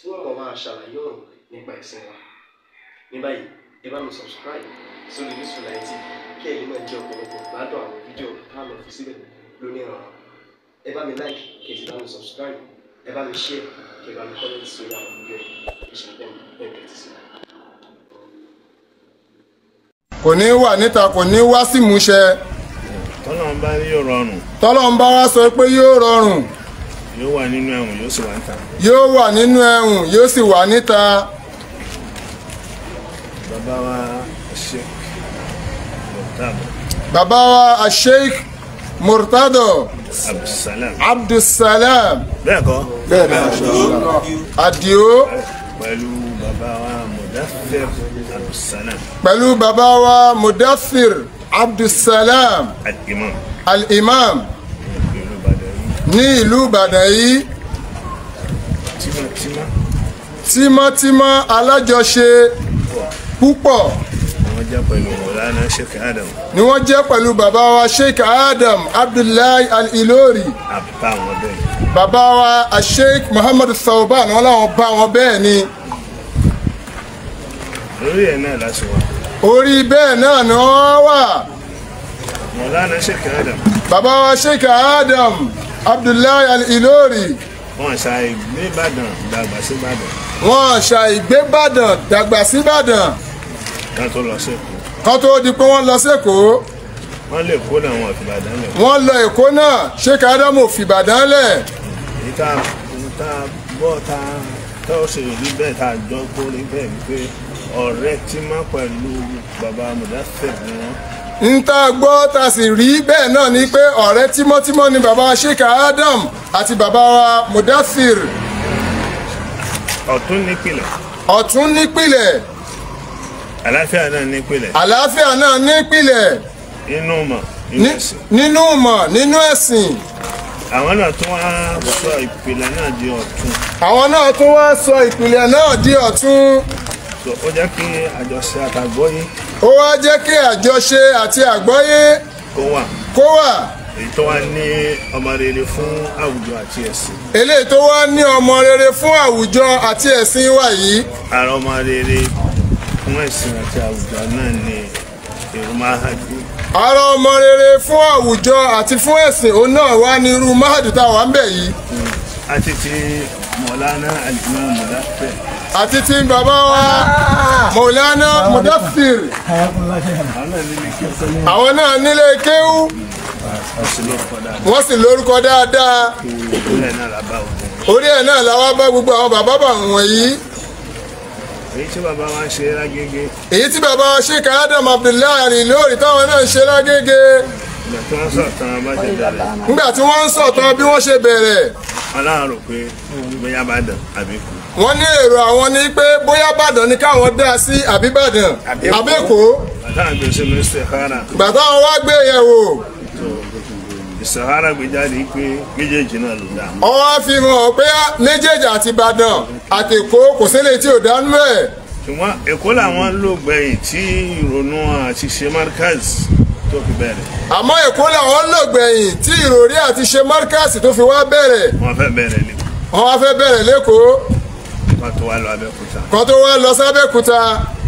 tí wọ́n mọ̀ máa ṣàlàyé ọ̀rọ̀ nípa ẹ̀sìn wa ní báyìí ẹ bá mi subscribe sórí Yusufullahi TV kí ẹ̀yin náà jẹ́ ọ̀pọ̀lọpọ̀ gbádùn àwọn fídíò tá a lọ fi síbẹ̀ lónìí ọ̀rọ̀ ẹ bá mi like kí ẹ sì bá mi subscribe ẹ bá mi share kí ẹ bá mi comment sórí àwọn fídíò ìṣẹ̀lẹ̀ ẹ̀ẹ́dẹ̀ ti kò ní wà níta kò ní wá sí ìmúṣẹ. yóò rọrùn. tọ́lọ́run wá sọ pé yóò rọrùn yóò wà nínú ẹ̀wọ̀n yóò sì wà níta. yóò wà nínú ẹ̀wọ̀n yóò sì wà níta. bàbá wa Sheikh Murtado. bàbá wa Sheikh Murtado. Abdulsalam. Abdulsalam. bẹ́ẹ̀ kọ́. bẹ́ẹ̀ kọ́. Adio. pẹ̀lú bàbá wa Mudaffir Abdulsalam. pẹ̀lú bàbá wa Mudaffir Abdulsalam. al-imam ní ìlú ìbàdàn yìí tímọ́tímọ́ alájọṣe púpọ̀ ni wọ́n jẹ́ pẹ̀lú bàbá wa sheik adam abdullahi al-ilori bàbá wa sheik muhammadu sauban wọn làwọn bá wọn bẹ́ẹ̀ ni. orí bẹ́ẹ̀ náà ni wọ́n wà. bàbá wa sheik adam. Abdullahi Al-Ilori. wọ́n ṣàìgbé Ìbàdàn dàgbà sí Ìbàdàn. wọ́n ṣàìgbé Ìbàdàn dàgbà sí Ìbàdàn. kan tó lọ sẹ́kọ̀ọ́. kan tó di pé wọ́n lọ sẹ́kọ̀ọ́. wọ́n lọ Èkó náà wọn ò fìbàdàn lẹ̀. wọ́n lọ Èkó náà Sheikh Adamu ò fìbàdàn lẹ̀. ìta ìta bọ́ ta tá ó ṣe ìlú bẹ́ẹ̀ tá a jọ kó rí wípé ọ̀rẹ́ tí má pẹ̀lú bàbá Mudassir ni n tá a gbọ́ tá a sì rí bẹ́ẹ̀ náà ni pé ọ̀rẹ́ tímọ́tímọ́ ni baba Sheikh Adam àti baba wa mudafir ọ̀tún nípìlẹ̀. ọ̀tún nípìlẹ̀. àlàáfíà náà nípìlẹ̀. àlàáfíà náà nípìlẹ̀. nínú mọ̀ nínú ẹ̀sìn. nínú mọ̀ nínú ẹ̀sìn. àwọn náà tún wá sọ ìpìlẹ̀ náà di ọ̀tún. àwọn náà tún wá sọ ìpìlẹ̀ náà di ọ̀tún. ó jẹ́ kí àjọṣe àtàgbọ́yé ó wá jẹ́ kí àjọṣe àti àgbọ́yé kó wà kó wà èyí tó wá ní ọmọ rere fún àwùjọ àti ẹ̀sìn. eléyìí tó wá ní ọmọ rere fún àwùjọ àti ẹ̀sìn wa yìí. ara ọmọ rere fún ẹ̀sìn àti àwùjọ náà ni èrò máa hàn jù. ara ọmọ rere fún àwùjọ àti fún ẹ̀sìn òun náà wá ní irú mahadu táwa ń bẹ yìí. àti ti mọ̀lá náà àlùmọ́ mọ̀lá bẹ́ẹ̀ àti tí bàbá wa Maulana Mudaffir àwọn náà nílé kéwú wọ́n sì lórúkọ dáadáa orí ẹ̀ náà làwa bá gbogbo àwọn bàbá bà wọ̀nyí. èyí tí bàbá wa ṣe lágége. èyí tí bàbá Adam Abdullahi Al-Ilory táwọn náà ṣe lágége. nígbà tí wọ́n ń sọ̀tàn bí wọ́n ṣe bẹ̀rẹ̀. aláàrò pé bóyá bá dàn àbí kú wọ́n ní èrò àwọn ni pé bóyá Ìbàdàn ni káwọn dá sí àbíbàdàn àbẹ́kò bàtà wọn wá gbé yẹ̀ wò. ìsàhárà gbèjáde pé méjèèjì náà ló dá. ọwọ́ fi hàn pé méjèèjì àti Ìbàdàn àtẹ̀kọ́ kò sílẹ̀ tí ò dánú ẹ̀. ṣùgbọ́n Èkó làwọn lò gbẹ̀yìn tí ìrònú àti ṣe markaz tó fi bẹ̀rẹ̀. àmọ́ Èkó làwọn lò gbẹ̀yìn tí ìròrí àti ṣe markaz tó fi wá bẹ̀rẹ̀. wọ́n fẹ́ bẹ̀rẹ̀ lẹ́kọ̀ọ́. wọ́n fẹ́ bẹ̀rẹ̀ lẹ́kọ̀ọ́ kó tó wá lọ abẹ́òkúta. kó tó wá lọ sábẹ́òkúta.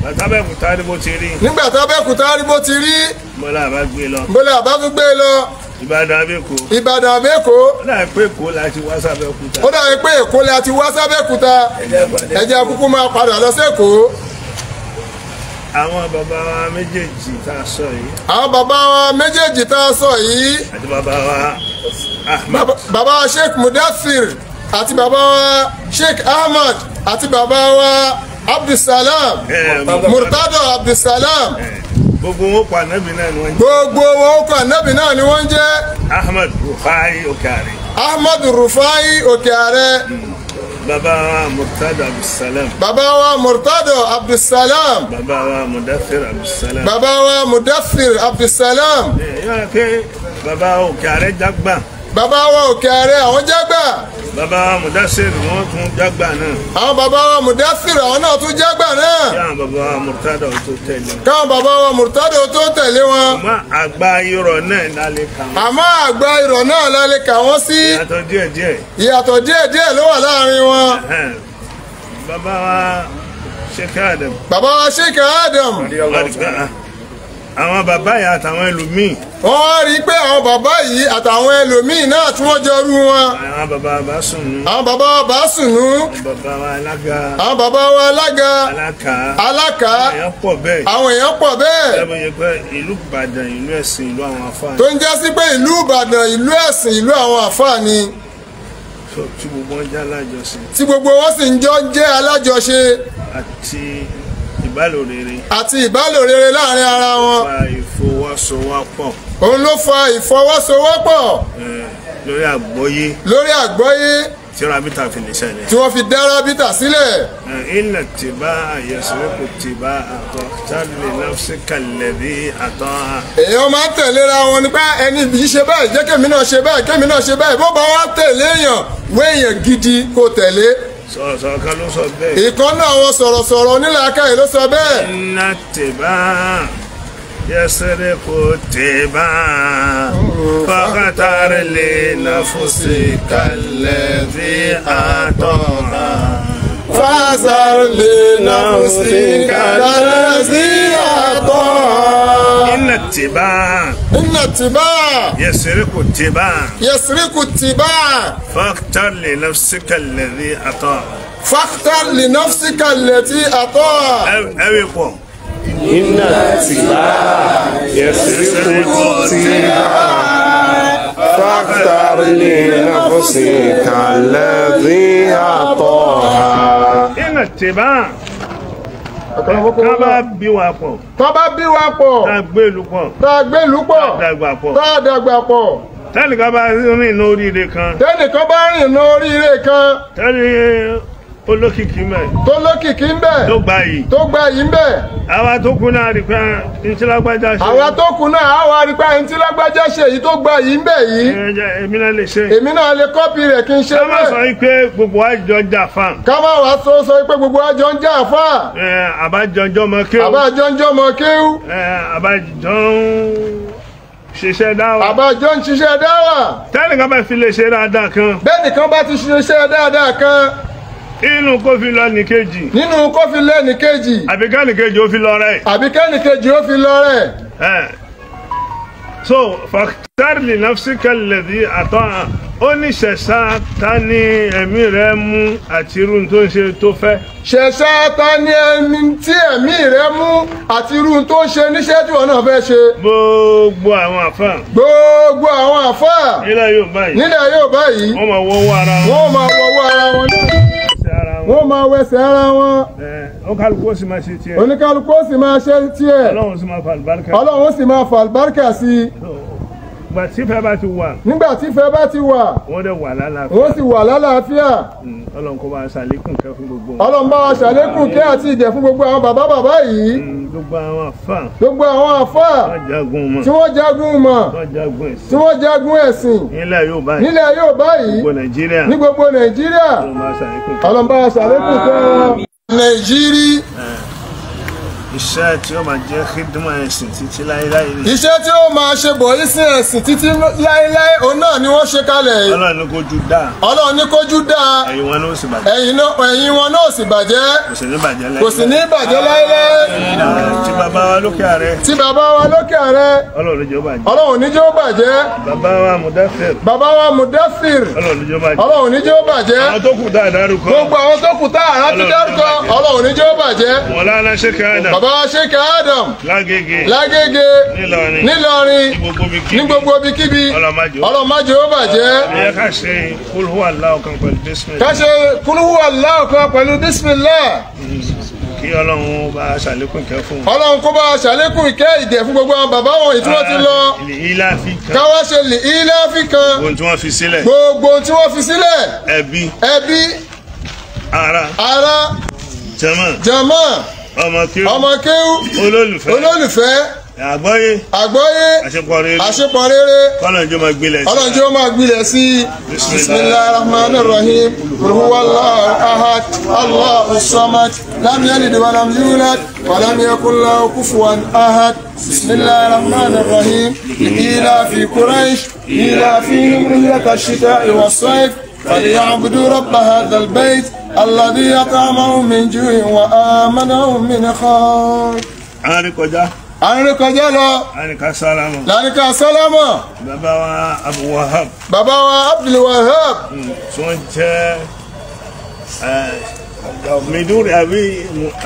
bàtàbẹ́òkúta rí bó ti rí. nígbà tábẹ́òkúta rí bó ti rí. bọ́lá àbá gbé lọ. bọ́lá àbá lọ. ìbàdàn abẹ́kọ. ìbàdàn abẹ́kọ. ó dà pé èkó la ti wá sábẹ́òkúta. ó dà pé èkó la ti wá sábẹ́òkúta. ẹ jẹ́ kúkú máa padà lọ sẹ́kọ̀ọ́ àwọn bàbá wa méjèèjì tá a sọ yìí. àwọn bàbá wa méjèèjì tá a sọ yìí. àti bàbá wa. bàbá wa Sheikh Mudaffir àti bàbá wa Sheikh Ahmad àti bàbá wa Abdulsalam Murtado Abdulsalam gbogbo wọn kọ anabi náà ni wọn jẹ. gbogbo wọn kọ anabi náà ni wọn jẹ. Ahmad Rufai Okeare. Ahmad Rufai Okeare. baba wa Murtado Abdulsalam. baba wa Murtado Abdulsalam. baba wa Mudafir Abdulsalam. baba wa Mudafir Abdulsalam. ẹ yọrọ pé baba Okeare dàgbà bàbá wa òkè ààrẹ àwọn jágbà. bàbá wa mùdásírì wọn tún jágbà náà. àwọn bàbá wa mùdásírì àwọn náà tún jágbà náà. kí àwọn bàbá wa mùrùtádà ó tó tẹ̀lé. káwọn bàbá wa mùrùtádà ó tó tẹ̀lé wọn. àmọ́ àgbà irọ́ náà la lè kà wọ́n. àmọ́ àgbà irọ́ náà la lè kà wọ́n sí. ìyàtọ̀ díẹ̀ díẹ̀. ìyàtọ̀ díẹ̀ díẹ̀ ló wà láàrin wọn. bàbá wa Sheikh Adam. bàbá wa Sheikh Adam àwọn bàbá yìí àtàwọn ẹlòmíì. wọ́n rí i pé àwọn bàbá yìí àtàwọn ẹlòmíì náà tí wọ́n jọ rú wọn. àwọn bàbá bàbá sùnú. sùnú. àwọn bàbá wa alága. àwọn bàbá wa alága. aláka. aláka. àwọn èèyàn pọ̀ bẹ́ẹ̀. àwọn èèyàn pọ̀ bẹ́ẹ̀. lábẹ́ yẹ pé ìlú ìbàdàn ìlú ẹ̀sìn ìlú àwọn àfáà ni. tó ń jẹ́ sí pé ìlú ìbàdàn ìlú ẹ̀sìn ìlú àwọn àfáà ni. tí gbogbo wọn jẹ́ alájọṣe. tí gbogbo wọn sì ń jọ jẹ́ alájọṣe. àti ìbálòrere. àti ìbálòrere láàrin ara wọn. fa ìfọwọ́sowọ́pọ̀. òun ló fa ìfọwọ́sowọ́pọ̀. lórí àgbọ́yé. lórí àgbọ́yé tí rábítà fi lè ṣẹlẹ̀. tí wọ́n fi dá rábítà sílẹ̀. ilẹ̀ tí bá àyẹ̀sọ́kù tí bá àtọ̀ tálẹ̀ lọ́sí kalẹ̀ bí àtọ̀. èèyàn máa ń tẹ̀léra wọn nípa ẹni bí ṣe báyìí jẹ́ kẹ́mi náà ṣe báyìí kẹ́mi náà ṣe báyìí bó bá wá tẹ̀lé èèyàn wé èèyàn gidi kó tẹ̀lé sọ̀rọ̀sọ̀rọ̀ kan ló sọ bẹ́ẹ̀. ìkan náà àwọn sọ̀rọ̀sọ̀rọ̀ onílàákàyè ló sọ bẹ́ẹ̀. iná tèbá yẹsẹrẹ kò tèbá fọkàtàrí lè nà fòsì kalẹ̀ bí àtọ̀nà. fásárì lè nà fòsì kalẹ̀ bí àtọ̀nà. إن التباع إن التباع يسرق التباع يسرق التباع فاختر لنفسك الذي أطاع فاختر لنفسك التي أطاع أو أو يقوم إن التباع يسرق التباع فاختر لنفسك الذي أطاع إن التباع tọ́ bá bí wa pọ̀. tọ́ bá wa pọ̀. tá a gbé ìlú pọ̀. tá a gbé ìlú pọ̀. tá a dàgbà pọ̀. tá a dàgbà pọ̀. tẹ́nìkan bá rìn lóríire kan. tẹ́nìkan bá rìn lóríire kan tó lókìkí mbẹ. tó lókìkí mbẹ. tó gba yìí. tó gba yìí mbẹ. àwa tó kù náà rí pé ntílágbájá ṣe. àwa tó kù náà àwa rí pé ntílágbájá ṣe èyí tó gba yìí mbẹ yìí. èmi náà lè ṣe. èmi náà lè kọ́pì rẹ̀ kí n ṣe bẹ́ẹ̀. ká má sọ pé gbogbo wa jọ ń jà fáàm. ká má wàá sọ sọ pé gbogbo wa jọ ń jà fáàm. àbájọjọ́ mọ kéwú. àbájọjọ́ mọ kéwú. àbájọ́ ń ṣiṣẹ́ dáwà. àbájọ ń ṣiṣẹ́ dáwà. tẹ́nìkan bá fi lè ṣe dáadáa kan. bẹ́ẹ̀nìkan bá ti ṣiṣẹ́ dáadáa kan inú kó fi lọ nínú kó fi lọ nìkejì. àbí kẹ́nìkejì ó fi lọ rẹ̀. àbí kẹ́nìkejì ó fi lọ rẹ̀. so fàtàlì nàfṣìkàlẹ̀dì àtọ́ ó ní ṣẹ̀ṣá ta ni ẹ̀mí rẹ̀ mú àti irú tó ń ṣe tó fẹ́. ṣẹ̀ṣá ta ni ẹni tí ẹ̀mí rẹ̀ mú àti irú tó ń ṣe níṣẹ́ tí wọ́n náà fẹ́ ṣe. gbogbo àwọn àfáà. gbogbo àwọn àfáà. nílẹ̀ Yorùbá yìí. nílẹ̀ Yorùbá yìí. wọ́n máa wọ́wọ́ ara wọn. wọ́n máa wọ́wọ́ ara wọn wọ́n máa wẹsẹ̀ ara wọn. oníkálukú eh, ó sì máa ṣe tiẹ̀. oníkálukú ó sì máa ṣe tiẹ̀. ọlọ́run sì máa fa àlùbáríkà sí i nígbà tí ìfẹ́ bá ti wà. nígbà tí ìfẹ́ bá ti wà. wọ́n dẹ̀ wà lálàáfíà. wọ́n sì wà lálàáfíà. Mm, ọlọ́run kó bá ṣàlékún kẹ́ fún gbogbo wọn. ọlọ́run bá wa ṣàlékún kẹ́ àti ìjẹ́ fún gbogbo àwọn bàbá bàbá yìí. Mm, gbogbo àwọn àfà. gbogbo àwọn àfà. tí wọ́n jagun mọ̀. tí wọ́n jagun ẹ̀sìn. nílẹ̀ yóò báyìí. nílẹ̀ yóò báyìí. ní gbogbo nàìjíríà. ọlọ́run bá wa ṣàlékún kẹ́ wọn. nàìjíríà iṣẹ́ tí ó máa jẹ́ hídùmọ̀ ẹ̀sìn títí láéláé ni. iṣẹ́ tí ó máa ṣe bọ̀ ìsìn ẹ̀sìn títí láéláé òun náà ni wọ́n ṣe kalẹ̀. ọlọ́run ní kójú dáa. ọlọ́run ní kójú dáa. ẹ̀yìn wọn náà sì bàjẹ́. ẹ̀yìn wọn náà sì sì bàjẹ́ kò sì ní bàjẹ́ láéláé. tí bàbá wa lókè àrẹ. tí bàbá wa lókè àrẹ. ọlọ́run ní jẹ́ ó bàjẹ́. ọlọ́run ní jẹ́ ó bàjẹ́. àwọn tó kù tá bàbá Sheikh Adam lágége lágége nílọrin ní gbogbo ibikíbi ọlọ́mọdé ó bàjẹ́. ẹ ká ṣe kúlúhù aláwọ̀ kan pẹ̀lú bísímìlá. ká ṣe kúlúhù aláwọ̀ kan pẹ̀lú bísímìlá kí ọlọ́run bá ṣàlékún ìkẹ́ fún wọn. ọlọ́run kó bá ṣàlékún ìkẹ́ ìdẹ̀ fún gbogbo àwọn bàbá wọn tí wọ́n ti lọ. káwá ṣe lè ilé àfi kan. gbogbo tí wọ́n fi sílẹ̀. ẹbí. ara. ara. jama. jama. ọmọ kéwù ọmọ kéwù olólùfẹ́ olólùfẹ́ àgbọ́yé àgbọ́yé àṣepọ̀ rere kọ́lọ̀njọ́ máa gbilẹ̀ sí i kọ́lọ̀njọ́ máa gbilẹ̀ sí i bisimilahi rahman rahim ruhuwalahu ahad allahu samad lam yalid wa lam yulad wa lam yakun lahu kufuwan ahad bisimilahi rahman rahim ila fi quraish ila fi himriyaka shita iwa saif فليعبدوا رب هذا البيت الذي أطعمهم من جوع وآمنهم من خوف àrìnkọjá àrìnkọjá lọ àrìnká sálámù lárìnká sálámù bàbá wa Abu Wahab bàbá wa Abdul Wahab tí hmm, wọ́n jẹ́ mìdúrí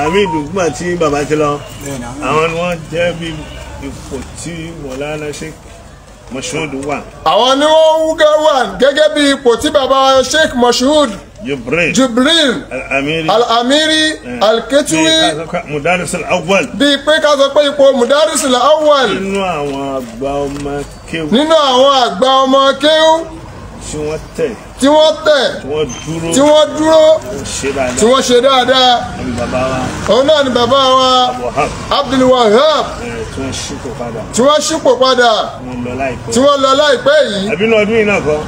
àmì ìdùgbà tí bàbá ti lọ àwọn ni wọ́n jẹ́ bí ipò tí Mọ̀lánà Sheikh Mashood wà. àwọn ni wọ́n wúgẹ́ wà gẹ́gẹ́ bí ipò tí bàbá Sheikh Mashood جبريل جبريل alamiri alamiri alketiwi mudarisi awal. bíi pé ká sọ pé ipò mudarisi awal. nínú àwọn àgbà ọmọ kéwù. nínú àwọn àgbà ọmọ kéwù tí wọ́n tẹ̀ tí wọ́n dúró tí wọ́n ṣe dáadáa òun náà ni bàbá wa Abdul Wahab tí wọ́n ṣípò padà tí wọ́n lọ láìpẹ́ yìí. àbínú ọdún yìí náà kọ́.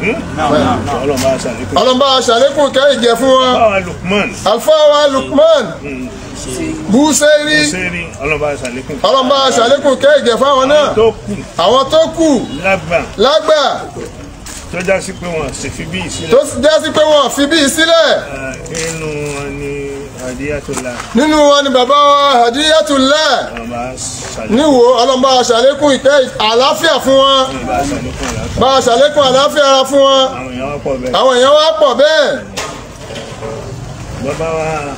Hmm? ọlọ́mọba aṣàlékún kẹ́ ìjẹ fún wọn. alfa wa Lukman buseri ọlọ́mọba aṣàlékún kẹ́ ìjẹ fún àwọn náà àwọn tó kù lágbà tó já sí pé wọn sì fi bíi sílẹ̀. tó já sí pé wọn fi bíi sílẹ̀. nínú wọn ni hadiyatullah. nínú wọn ni bàbá wa hadiyatullah. níwò ọlọ́mọba aṣàlékún ìkẹ́ àlàáfíà fún wọn. bá aṣàlékún àlàáfíà ara fún wọn. àwọn èèyàn wá pọ̀ bẹ́ẹ̀. bàbá wa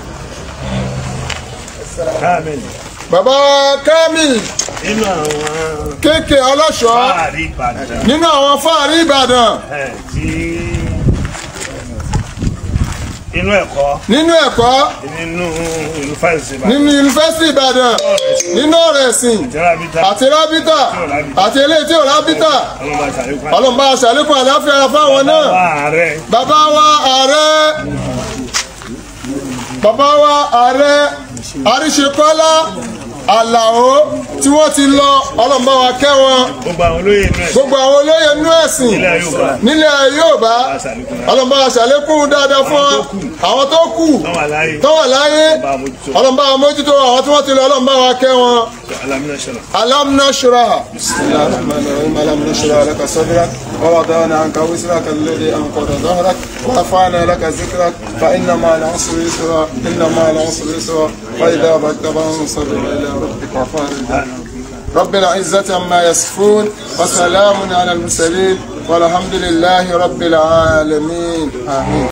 káàmì bàbá kamil kéèké ọlọ́ṣọ́ nínú àwọn fáàrí ìbàdàn nínú ẹ̀kọ́ nínú ẹ̀kọ́ nínú yunifásitì ìbàdàn nínú ọ̀rọ̀ ẹ̀sìn àti rábítà àti eléyìí tí ò rábítà ọlọ́mọba àṣàlékún àláfíà fáwọn náà bàbá wa ààrẹ bàbá wa ààrẹ àríṣekọ́lá àlàó tí wọ́n ti lọ ọlọ́run bá wa kẹ́ wọn gbogbo àwọn olóyè inú ẹ̀sìn nílẹ̀ Yorùbá ọlọ́run bá ṣàlékún dáadáa fún àwọn tó kù tó láyé ọlọ́run mójútó àwọn tí wọ́n ti lọ ọlọ́run bá ألم نشرح ألم نشرح بسم الله الرحمن الرحيم ألم نشرح لك صدرك ووضعنا عنك وزرك الذي أنقض ظهرك ورفعنا لك ذكرك فإن مع العسر يسرا إن مع العسر يسرا فإذا بدت فانصب إلى ربك وفارج رب العزة عما يصفون وسلام على المرسلين والحمد لله رب العالمين آمين